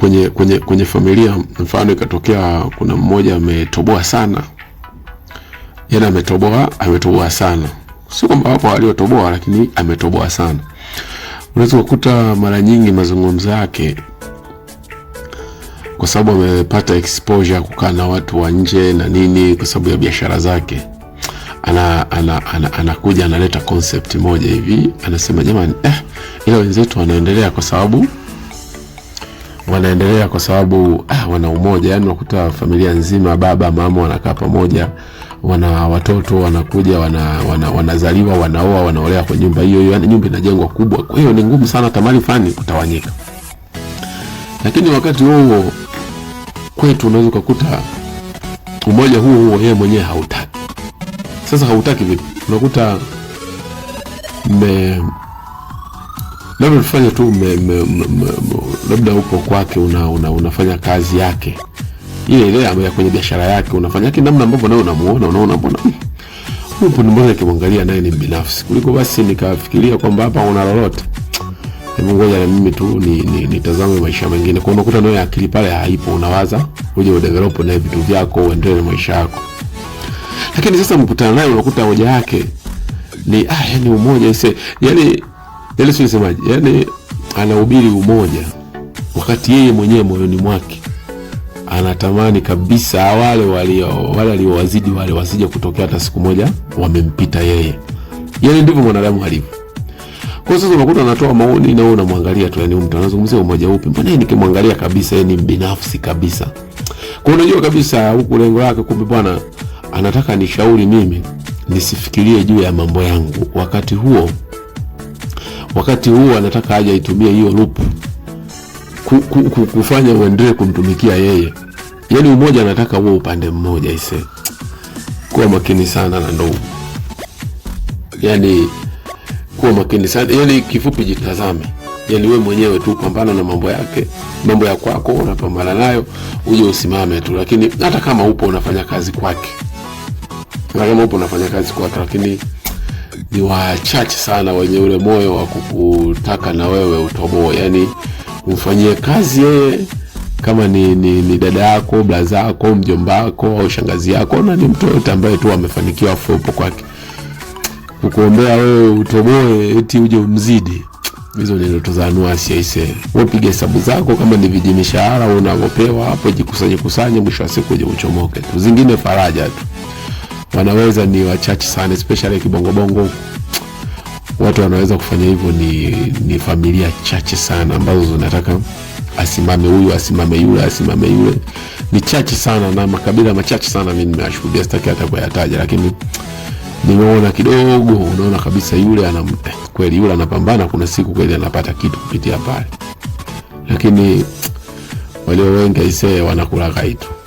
kwenye, kwenye, kwenye familia mfano ikatokea kuna mmoja ametoboa sana, yaani ametoboa ametoboa sana, si kwamba wapo waliotoboa, lakini ametoboa sana. Unaweza kukuta mara nyingi mazungumzo yake, kwa sababu amepata exposure kukaa na watu wa nje na nini, kwa sababu ya biashara zake ana, ana, ana, anakuja analeta concept moja hivi, anasema jamani, eh, ila wenzetu wanaendelea kwa sababu wanaendelea kwa sababu ah, wana umoja. Yani unakuta familia nzima, baba mama wanakaa pamoja, wana watoto wanakuja, wana, wana, wanazaliwa, wanaoa, wanaolea kwa nyumba hiyo hiyo, yani nyumba inajengwa kubwa. Kwa hiyo ni ngumu sana tamari fulani kutawanyika, lakini wakati huo kwetu unaweza ukakuta umoja huo huo yeye mwenyewe hautaki. Sasa hautaki vipi? Unakuta mme labda tufanye tu me, me, me, labda huko kwake una, una, unafanya kazi yake ile ile ya kwenye biashara yake unafanya yake namna ambavyo nayo unamuona, unaona mbona hmm, ni mbona nikimwangalia naye ni binafsi kuliko, basi nikafikiria kwamba hapa una lolote, hebu ngoja na mimi tu ni, ni, nitazame maisha mengine. Kwa unakuta nayo akili pale haipo, unawaza uje udevelop na vitu vyako uendelee na maisha yako, lakini sasa mkutana naye unakuta hoja yake ni ah, yani umoja ise yani yaani sio semaji, yaani anahubiri umoja wakati yeye mwenyewe moyoni mwake anatamani kabisa wale walio wale aliowazidi wale wasije kutokea hata siku moja wamempita yeye. Yaani ndivyo mwanadamu alivyo. Kwa sasa unakuta anatoa maoni na wewe unamwangalia tu, yani mtu anazungumzia umoja upi? Mbona yeye nikimwangalia kabisa yeye ni mbinafsi kabisa. Kwa unajua kabisa huku lengo lake, kumbe bwana anataka nishauri mimi nisifikirie juu ya mambo yangu wakati huo wakati huo anataka aje aitumie hiyo loop kufanya uendelee kumtumikia yeye. yani umoja anataka huo upande mmoja. Ise, kuwa makini sana na ndugu, yani kuwa makini sana yani, kifupi jitazame, yani we mwenyewe tu pambana na mambo yake, mambo ya kwako unapambana nayo, uje usimame tu, lakini hata kama upo unafanya kazi kwake, hata kama upo unafanya kazi kwake, lakini ni wachache sana wenye ule moyo wa kukutaka na wewe utoboe, yani umfanyie kazi yeye kama ni, ni, ni dada yako blaza yako mjomba wako au shangazi yako, na ni mtu yoyote ambaye tu amefanikiwa fupo kwake, kukuombea wewe utoboe eti uje umzidi. Hizo ni ndoto za anuasi aise. Wapige hesabu zako, kama ni vijimishahara unavyopewa hapo, jikusanye kusanye, mwisho wa siku uje uchomoke tu, zingine faraja tu wanaweza ni wachache sana, especially kibongobongo watu wanaweza kufanya hivyo ni, ni familia chache sana ambazo zinataka asimame huyu asimame yule asimame yule, ni chache sana na makabila machache sana. Mimi nimewashuhudia, sitaki hata kuyataja, lakini nimeona kidogo, unaona kabisa yule ana kweli, yule anapambana, kuna siku kweli anapata kitu kupitia pale, lakini walio wengi aisee wanakulaga itu